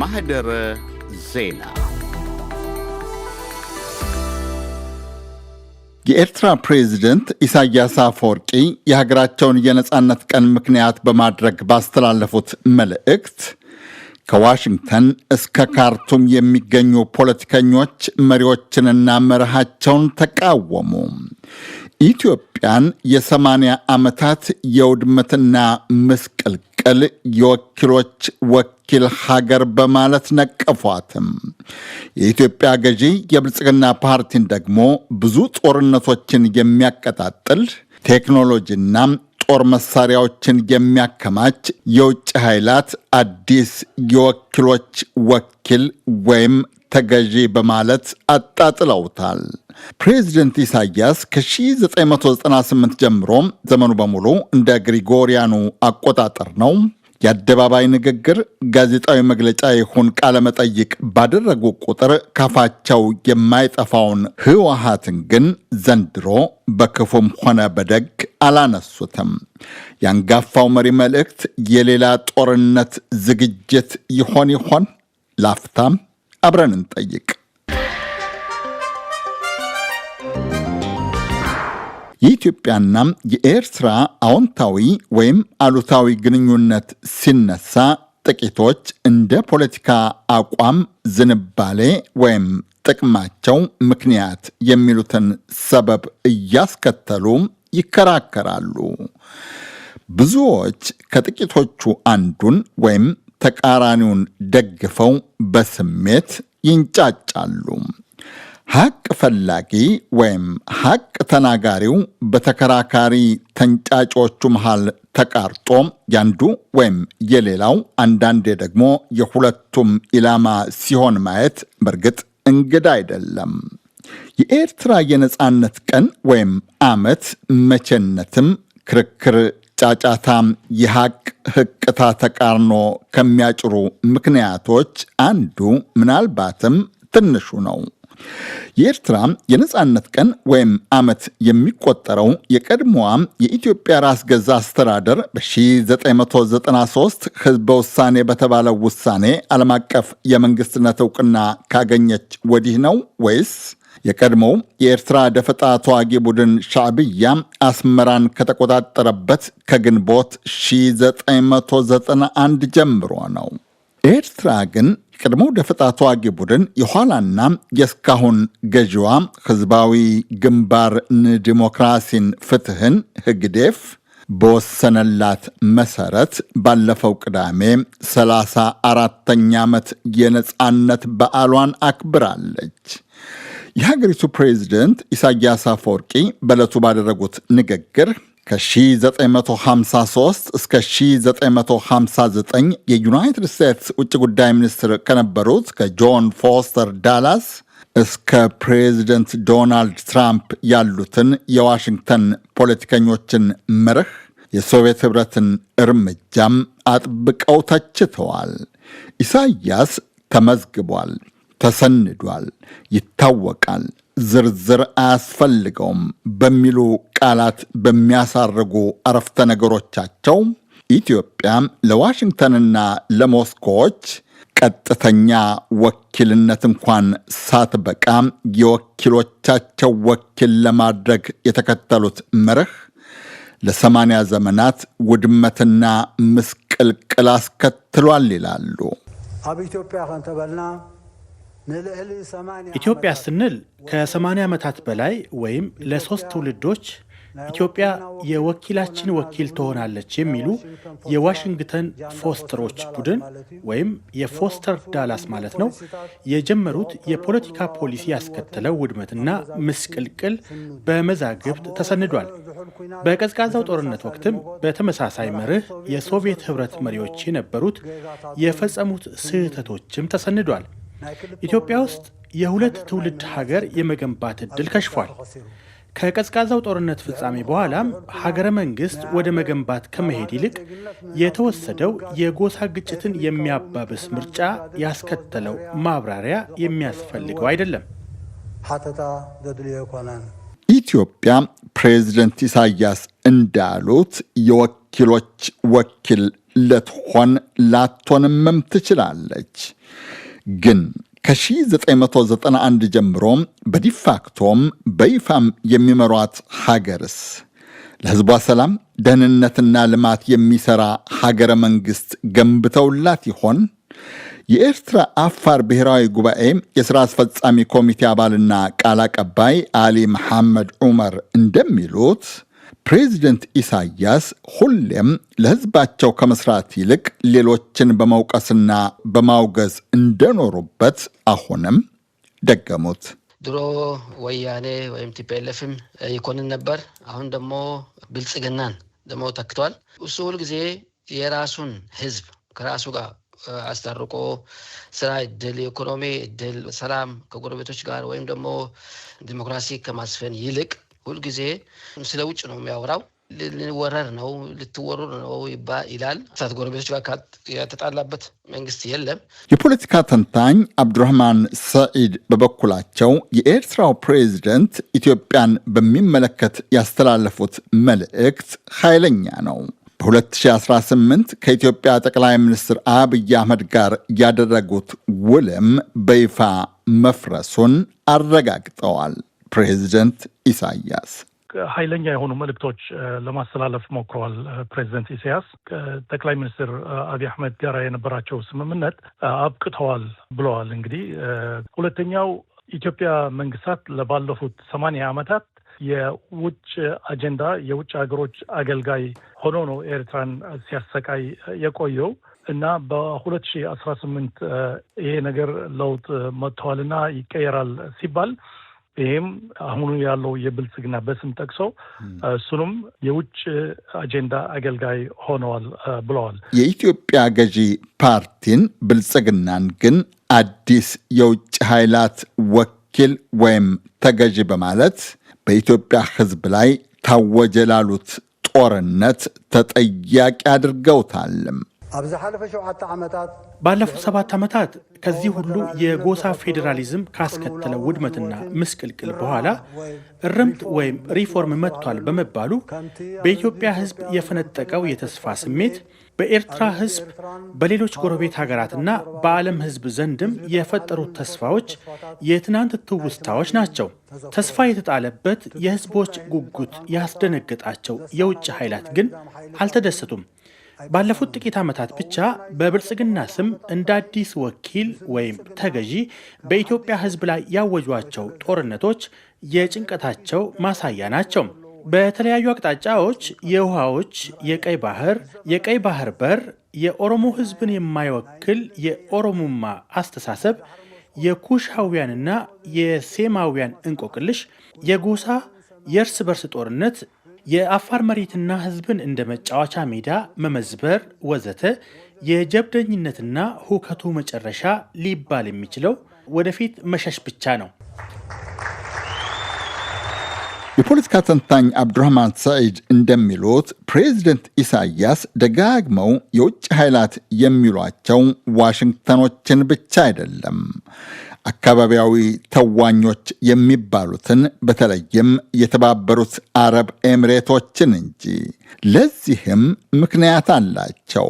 ማህደረ ዜና የኤርትራ ፕሬዝደንት ኢሳያስ አፈወርቂ የሀገራቸውን የነፃነት ቀን ምክንያት በማድረግ ባስተላለፉት መልእክት ከዋሽንግተን እስከ ካርቱም የሚገኙ ፖለቲከኞች መሪዎችንና መርሃቸውን ተቃወሙ። ኢትዮጵያን የሰማንያ ዓመታት የውድመትና ምስቅልቅል የወኪሎች ወኪ የምትችል ሀገር በማለት ነቀፏትም። የኢትዮጵያ ገዢ የብልጽግና ፓርቲን ደግሞ ብዙ ጦርነቶችን የሚያቀጣጥል ቴክኖሎጂና ጦር መሳሪያዎችን የሚያከማች የውጭ ኃይላት አዲስ የወኪሎች ወኪል ወይም ተገዢ በማለት አጣጥለውታል። ፕሬዚደንት ኢሳያስ ከ1998 ጀምሮ ዘመኑ በሙሉ እንደ ግሪጎሪያኑ አቆጣጠር ነው የአደባባይ ንግግር፣ ጋዜጣዊ መግለጫ ይሁን ቃለመጠይቅ ባደረጉ ቁጥር ካፋቸው የማይጠፋውን ህወሓትን ግን ዘንድሮ በክፉም ሆነ በደግ አላነሱትም። የአንጋፋው መሪ መልእክት የሌላ ጦርነት ዝግጅት ይሆን ይሆን? ላፍታም አብረን እንጠይቅ። የኢትዮጵያና የኤርትራ አዎንታዊ ወይም አሉታዊ ግንኙነት ሲነሳ ጥቂቶች እንደ ፖለቲካ አቋም፣ ዝንባሌ ወይም ጥቅማቸው ምክንያት የሚሉትን ሰበብ እያስከተሉ ይከራከራሉ። ብዙዎች ከጥቂቶቹ አንዱን ወይም ተቃራኒውን ደግፈው በስሜት ይንጫጫሉ። ሐቅ ፈላጊ ወይም ሐቅ ተናጋሪው በተከራካሪ ተንጫጮቹ መሃል ተቃርጦ ያንዱ ወይም የሌላው አንዳንዴ ደግሞ የሁለቱም ኢላማ ሲሆን ማየት በእርግጥ እንግዳ አይደለም። የኤርትራ የነፃነት ቀን ወይም ዓመት መቼነትም ክርክር፣ ጫጫታም የሐቅ ህቅታ ተቃርኖ ከሚያጭሩ ምክንያቶች አንዱ ምናልባትም ትንሹ ነው። የኤርትራ የነጻነት ቀን ወይም ዓመት የሚቆጠረው የቀድሞዋ የኢትዮጵያ ራስ ገዛ አስተዳደር በ1993 ህዝበ ውሳኔ በተባለው ውሳኔ ዓለም አቀፍ የመንግስትነት እውቅና ካገኘች ወዲህ ነው ወይስ የቀድሞው የኤርትራ ደፈጣ ተዋጊ ቡድን ሻዕብያ አስመራን ከተቆጣጠረበት ከግንቦት 1991 ጀምሮ ነው? ኤርትራ ግን የቀድሞው ደፈጣ ተዋጊ ቡድን የኋላና የእስካሁን ገዢዋ ህዝባዊ ግንባር ንዲሞክራሲን ፍትህን ህግዴፍ በወሰነላት መሰረት ባለፈው ቅዳሜ ሰላሳ አራተኛ ዓመት የነፃነት በዓሏን አክብራለች። የሀገሪቱ ፕሬዚደንት ኢሳያስ አፈወርቂ በዕለቱ ባደረጉት ንግግር ከ1953 እስከ 1959 የዩናይትድ ስቴትስ ውጭ ጉዳይ ሚኒስትር ከነበሩት ከጆን ፎስተር ዳላስ እስከ ፕሬዚደንት ዶናልድ ትራምፕ ያሉትን የዋሽንግተን ፖለቲከኞችን መርህ የሶቪየት ኅብረትን እርምጃም አጥብቀው ተችተዋል። ኢሳያስ ተመዝግቧል፣ ተሰንዷል፣ ይታወቃል። ዝርዝር አያስፈልገውም በሚሉ ቃላት በሚያሳርጉ አረፍተ ነገሮቻቸው ኢትዮጵያ ለዋሽንግተንና ለሞስኮዎች ቀጥተኛ ወኪልነት እንኳን ሳትበቃ የወኪሎቻቸው ወኪል ለማድረግ የተከተሉት መርህ ለሰማንያ ዘመናት ውድመትና ምስቅልቅል አስከትሏል ይላሉ። አብ ኢትዮጵያ ከንተበልና ኢትዮጵያ ስንል ከ80 ዓመታት በላይ ወይም ለሶስት ትውልዶች ኢትዮጵያ የወኪላችን ወኪል ትሆናለች የሚሉ የዋሽንግተን ፎስተሮች ቡድን ወይም የፎስተር ዳላስ ማለት ነው የጀመሩት የፖለቲካ ፖሊሲ ያስከተለው ውድመትና ምስቅልቅል በመዛግብት ተሰንዷል። በቀዝቃዛው ጦርነት ወቅትም በተመሳሳይ መርህ የሶቪየት ሕብረት መሪዎች የነበሩት የፈጸሙት ስህተቶችም ተሰንዷል። ኢትዮጵያ ውስጥ የሁለት ትውልድ ሀገር የመገንባት ዕድል ከሽፏል። ከቀዝቃዛው ጦርነት ፍጻሜ በኋላም ሀገረ መንግስት ወደ መገንባት ከመሄድ ይልቅ የተወሰደው የጎሳ ግጭትን የሚያባብስ ምርጫ ያስከተለው ማብራሪያ የሚያስፈልገው አይደለም። ኢትዮጵያ ፕሬዝደንት ኢሳያስ እንዳሉት የወኪሎች ወኪል ልትሆን ላትሆንምም ትችላለች። ግን ከ1991 ጀምሮም በዲፋክቶም በይፋም የሚመሯት ሀገርስ ለህዝቧ ሰላም ደህንነትና ልማት የሚሠራ ሀገረ መንግሥት ገንብተውላት ይሆን? የኤርትራ አፋር ብሔራዊ ጉባኤ የሥራ አስፈጻሚ ኮሚቴ አባልና ቃል አቀባይ አሊ መሐመድ ዑመር እንደሚሉት ፕሬዚደንት ኢሳያስ ሁሌም ለሕዝባቸው ከመስራት ይልቅ ሌሎችን በመውቀስና በማውገዝ እንደኖሩበት አሁንም ደገሙት። ድሮ ወያኔ ወይም ቲፒኤልኤፍም ይኮንን ነበር። አሁን ደግሞ ብልጽግናን ደግሞ ተክቷል። እሱ ሁልጊዜ የራሱን ህዝብ ከራሱ ጋር አስታርቆ ስራ እድል፣ የኢኮኖሚ እድል፣ ሰላም ከጎረቤቶች ጋር ወይም ደግሞ ዲሞክራሲ ከማስፈን ይልቅ ሁልጊዜ ስለ ውጭ ነው የሚያወራው። ልንወረር ነው ልትወረር ነው ይላል። ሳት ጎረቤቶች ጋር የተጣላበት መንግስት የለም። የፖለቲካ ተንታኝ አብዱራህማን ሰዒድ በበኩላቸው የኤርትራው ፕሬዚደንት ኢትዮጵያን በሚመለከት ያስተላለፉት መልእክት ኃይለኛ ነው። በ2018 ከኢትዮጵያ ጠቅላይ ሚኒስትር አብይ አህመድ ጋር ያደረጉት ውልም በይፋ መፍረሱን አረጋግጠዋል። ፕሬዚደንት ኢሳያስ ኃይለኛ የሆኑ መልእክቶች ለማስተላለፍ ሞክረዋል። ፕሬዚደንት ኢሳያስ ከጠቅላይ ሚኒስትር አብይ አህመድ ጋር የነበራቸው ስምምነት አብቅተዋል ብለዋል። እንግዲህ ሁለተኛው ኢትዮጵያ መንግስታት ለባለፉት ሰማንያ ዓመታት የውጭ አጀንዳ የውጭ ሀገሮች አገልጋይ ሆኖ ነው ኤርትራን ሲያሰቃይ የቆየው እና በሁለት ሺህ አስራ ስምንት ይሄ ነገር ለውጥ መጥተዋልና ይቀየራል ሲባል ይህም አሁኑ ያለው የብልጽግና በስም ጠቅሰው እሱንም የውጭ አጀንዳ አገልጋይ ሆነዋል ብለዋል። የኢትዮጵያ ገዢ ፓርቲን ብልጽግናን ግን አዲስ የውጭ ኃይላት ወኪል ወይም ተገዢ በማለት በኢትዮጵያ ሕዝብ ላይ ታወጀ ላሉት ጦርነት ተጠያቂ አድርገውታልም። ባለፉት ሰባት ዓመታት ከዚህ ሁሉ የጎሳ ፌዴራሊዝም ካስከተለው ውድመትና ምስቅልቅል በኋላ እርምት ወይም ሪፎርም መጥቷል በመባሉ በኢትዮጵያ ሕዝብ የፈነጠቀው የተስፋ ስሜት በኤርትራ ሕዝብ፣ በሌሎች ጎረቤት ሀገራትና በዓለም ሕዝብ ዘንድም የፈጠሩት ተስፋዎች የትናንት ትውስታዎች ናቸው። ተስፋ የተጣለበት የሕዝቦች ጉጉት ያስደነገጣቸው የውጭ ኃይላት ግን አልተደሰቱም። ባለፉት ጥቂት ዓመታት ብቻ በብልጽግና ስም እንደ አዲስ ወኪል ወይም ተገዢ በኢትዮጵያ ሕዝብ ላይ ያወጇቸው ጦርነቶች የጭንቀታቸው ማሳያ ናቸው። በተለያዩ አቅጣጫዎች የውሃዎች የቀይ ባህር የቀይ ባህር በር የኦሮሞ ሕዝብን የማይወክል የኦሮሙማ አስተሳሰብ የኩሻውያንና የሴማውያን እንቆቅልሽ የጎሳ የእርስ በርስ ጦርነት የአፋር መሬትና ህዝብን እንደ መጫወቻ ሜዳ መመዝበር ወዘተ የጀብደኝነትና ሁከቱ መጨረሻ ሊባል የሚችለው ወደፊት መሸሽ ብቻ ነው። የፖለቲካ ተንታኝ አብዱራህማን ሰዒድ እንደሚሉት ፕሬዚደንት ኢሳያስ ደጋግመው የውጭ ኃይላት የሚሏቸው ዋሽንግተኖችን ብቻ አይደለም አካባቢያዊ ተዋኞች የሚባሉትን በተለይም የተባበሩት አረብ ኤምሬቶችን እንጂ። ለዚህም ምክንያት አላቸው።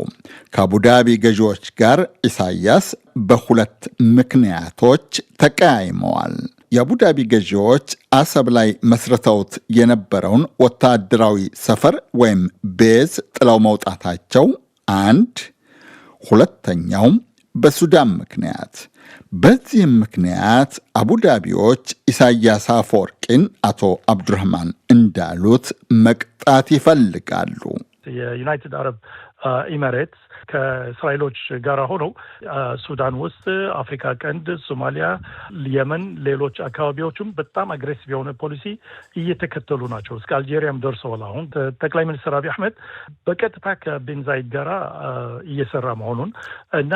ከአቡዳቢ ገዢዎች ጋር ኢሳያስ በሁለት ምክንያቶች ተቀያይመዋል። የአቡዳቢ ገዢዎች አሰብ ላይ መስርተውት የነበረውን ወታደራዊ ሰፈር ወይም ቤዝ ጥለው መውጣታቸው አንድ፣ ሁለተኛውም በሱዳን ምክንያት። በዚህም ምክንያት አቡዳቢዎች ኢሳያስ አፈወርቂን አቶ አብዱረህማን እንዳሉት መቅጣት ይፈልጋሉ። የዩናይትድ አረብ ኢሜሬትስ ከእስራኤሎች ጋር ሆነው ሱዳን ውስጥ፣ አፍሪካ ቀንድ፣ ሶማሊያ፣ የመን፣ ሌሎች አካባቢዎችም በጣም አግሬሲቭ የሆነ ፖሊሲ እየተከተሉ ናቸው። እስከ አልጄሪያም ደርሰዋል። አሁን ጠቅላይ ሚኒስትር አብይ አህመድ በቀጥታ ከቤንዛይድ ጋራ እየሰራ መሆኑን እና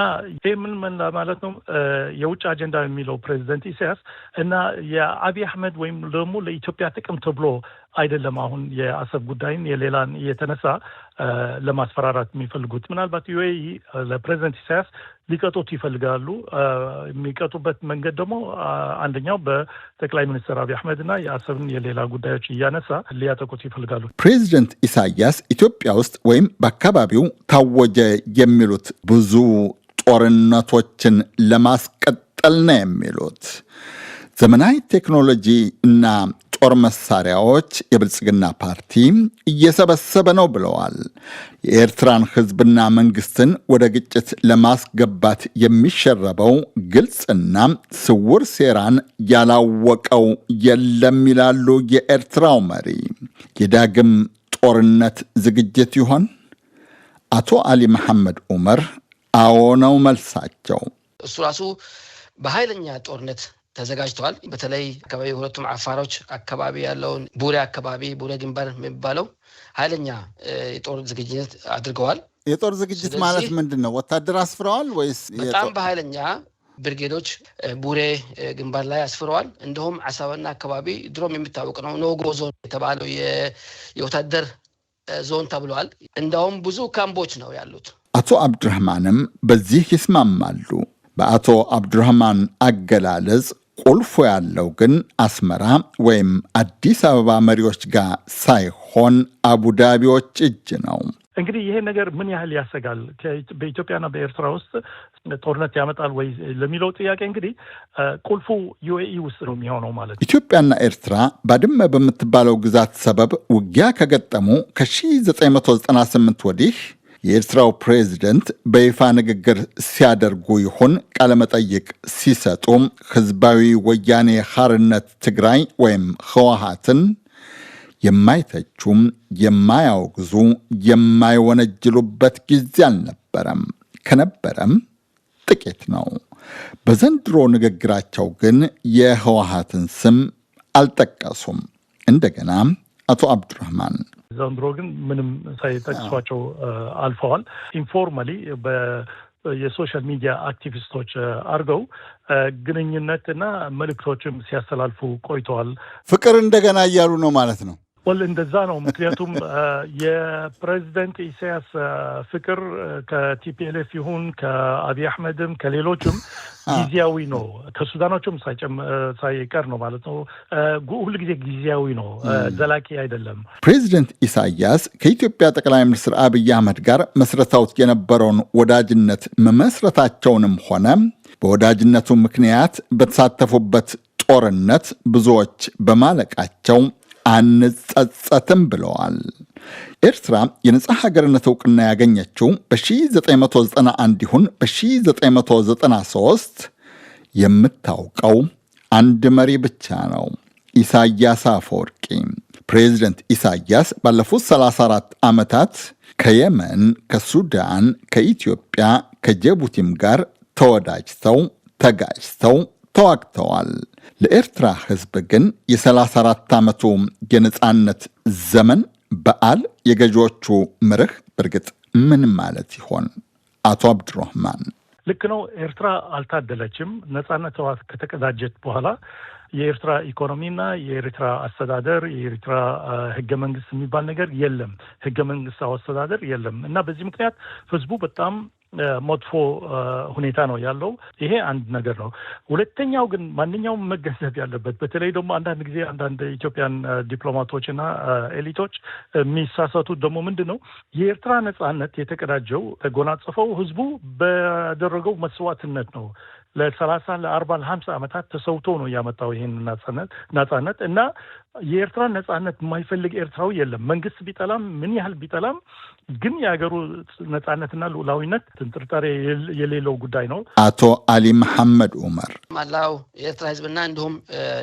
ይህ ምን ማለት ነው የውጭ አጀንዳ የሚለው ፕሬዚደንት ኢሳያስ እና የአብይ አህመድ ወይም ደግሞ ለኢትዮጵያ ጥቅም ተብሎ አይደለም አሁን የአሰብ ጉዳይን የሌላን እየተነሳ ለማስፈራራት የሚፈልጉት ምናልባት ዩኤ ለፕሬዚደንት ኢሳያስ ሊቀጡት ይፈልጋሉ። የሚቀጡበት መንገድ ደግሞ አንደኛው በጠቅላይ ሚኒስትር አብይ እና የአሰብን የሌላ ጉዳዮች እያነሳ ሊያጠቁት ይፈልጋሉ። ፕሬዚደንት ኢሳያስ ኢትዮጵያ ውስጥ ወይም በአካባቢው ታወጀ የሚሉት ብዙ ጦርነቶችን ለማስቀጠል ነው የሚሉት ዘመናዊ ቴክኖሎጂ እና ጦር መሳሪያዎች የብልጽግና ፓርቲ እየሰበሰበ ነው ብለዋል። የኤርትራን ሕዝብና መንግስትን ወደ ግጭት ለማስገባት የሚሸረበው ግልጽና ስውር ሴራን ያላወቀው የለም ይላሉ የኤርትራው መሪ። የዳግም ጦርነት ዝግጅት ይሆን? አቶ አሊ መሐመድ ዑመር አዎ ነው መልሳቸው። እሱ ራሱ በኃይለኛ ጦርነት ተዘጋጅተዋል። በተለይ አካባቢ ሁለቱም አፋሮች አካባቢ ያለውን ቡሬ አካባቢ ቡሬ ግንባር የሚባለው ኃይለኛ የጦር ዝግጅት አድርገዋል። የጦር ዝግጅት ማለት ምንድን ነው? ወታደር አስፍረዋል ወይስ? በጣም በኃይለኛ ብርጌዶች ቡሬ ግንባር ላይ አስፍረዋል። እንዲሁም አሳበና አካባቢ ድሮም የሚታወቅ ነው ኖጎ ዞን የተባለው የወታደር ዞን ተብሏል። እንደውም ብዙ ካምቦች ነው ያሉት። አቶ አብድራህማንም በዚህ ይስማማሉ። በአቶ አብዱራህማን አገላለጽ ቁልፉ ያለው ግን አስመራ ወይም አዲስ አበባ መሪዎች ጋር ሳይሆን አቡዳቢዎች እጅ ነው። እንግዲህ ይሄ ነገር ምን ያህል ያሰጋል? በኢትዮጵያና በኤርትራ ውስጥ ጦርነት ያመጣል ወይ ለሚለው ጥያቄ እንግዲህ ቁልፉ ዩኤኢ ውስጥ ነው የሚሆነው ማለት ነው። ኢትዮጵያና ኤርትራ ባድመ በምትባለው ግዛት ሰበብ ውጊያ ከገጠሙ ከ1998 ወዲህ የኤርትራው ፕሬዚደንት በይፋ ንግግር ሲያደርጉ ይሁን ቃለመጠይቅ ሲሰጡ ህዝባዊ ወያኔ ሐርነት ትግራይ ወይም ህወሓትን የማይተቹም የማያወግዙ የማይወነጅሉበት ጊዜ አልነበረም። ከነበረም ጥቂት ነው። በዘንድሮ ንግግራቸው ግን የህወሓትን ስም አልጠቀሱም። እንደገና አቶ አብዱራህማን ዘንድሮ ግን ምንም ሳይጠቅሷቸው አልፈዋል። ኢንፎርማሊ የሶሻል ሚዲያ አክቲቪስቶች አድርገው ግንኙነትና መልእክቶችም ሲያስተላልፉ ቆይተዋል። ፍቅር እንደገና እያሉ ነው ማለት ነው። ወል እንደዛ ነው። ምክንያቱም የፕሬዚደንት ኢሳያስ ፍቅር ከቲፒኤልኤፍ ይሁን ከአብይ አሕመድም ከሌሎችም ጊዜያዊ ነው። ከሱዳኖችም ሳይቀር ነው ማለት ነው። ሁል ጊዜ ጊዜያዊ ነው፣ ዘላቂ አይደለም። ፕሬዚደንት ኢሳያስ ከኢትዮጵያ ጠቅላይ ሚኒስትር አብይ አህመድ ጋር መስረታውት የነበረውን ወዳጅነት መመስረታቸውንም ሆነ በወዳጅነቱ ምክንያት በተሳተፉበት ጦርነት ብዙዎች በማለቃቸው አንጸጸትም ብለዋል። ኤርትራ የነጻ ሀገርነት እውቅና ያገኘችው በ1991 ይሁን በ1993 የምታውቀው አንድ መሪ ብቻ ነው፣ ኢሳያስ አፈወርቂ። ፕሬዚደንት ኢሳያስ ባለፉት 34 ዓመታት ከየመን፣ ከሱዳን፣ ከኢትዮጵያ፣ ከጀቡቲም ጋር ተወዳጅተው ተጋጅተው ተዋግተዋል። ለኤርትራ ህዝብ ግን የ34 ዓመቱ የነፃነት ዘመን በዓል የገዢዎቹ ምርህ በእርግጥ ምን ማለት ይሆን? አቶ አብዱራህማን ልክ ነው። ኤርትራ አልታደለችም። ነፃነት ከተቀዳጀት በኋላ የኤርትራ ኢኮኖሚና የኤርትራ አስተዳደር የኤርትራ ህገ መንግስት የሚባል ነገር የለም። ህገ መንግስታዊ አስተዳደር የለም እና በዚህ ምክንያት ህዝቡ በጣም መጥፎ ሁኔታ ነው ያለው። ይሄ አንድ ነገር ነው። ሁለተኛው ግን ማንኛውም መገንዘብ ያለበት በተለይ ደግሞ አንዳንድ ጊዜ አንዳንድ ኢትዮጵያን ዲፕሎማቶች እና ኤሊቶች የሚሳሳቱት ደግሞ ምንድን ነው የኤርትራ ነጻነት የተቀዳጀው ተጎናጽፈው ህዝቡ በደረገው መስዋዕትነት ነው ለሰላሳ ለአርባ ለሀምሳ ዓመታት ተሰውቶ ነው ያመጣው ይህን ነጻነት እና የኤርትራን ነጻነት የማይፈልግ ኤርትራዊ የለም። መንግስት ቢጠላም ምን ያህል ቢጠላም ግን የሀገሩ ነጻነትና ልዑላዊነት ጥርጣሬ የሌለው ጉዳይ ነው። አቶ አሊ መሐመድ ኡመር መላው የኤርትራ ህዝብና እንዲሁም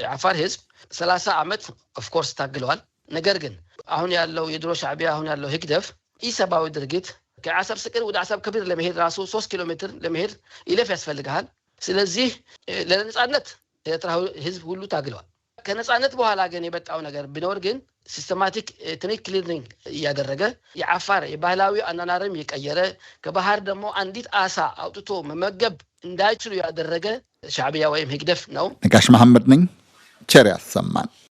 የአፋር ህዝብ ሰላሳ ዓመት ኦፍኮርስ ታግለዋል። ነገር ግን አሁን ያለው የድሮ ሻዕቢያ አሁን ያለው ህግደፍ ኢሰብአዊ ድርጊት ከዓሰብ ስቅር ወደ አሰብ ከቢር ለመሄድ ራሱ ሶስት ኪሎ ሜትር ለመሄድ ይለፍ ያስፈልግሃል። ስለዚህ ለነፃነት ኤርትራ ህዝብ ሁሉ ታግለዋል። ከነፃነት በኋላ ግን የመጣው ነገር ቢኖር ግን ሲስተማቲክ ኤትኒክ ክሊኒንግ እያደረገ የአፋር የባህላዊ አናናርም የቀየረ ከባህር ደግሞ አንዲት አሳ አውጥቶ መመገብ እንዳይችሉ ያደረገ ሻዕቢያ ወይም ህግደፍ ነው። ነጋሽ መሐመድ ነኝ። ቸር ያሰማን።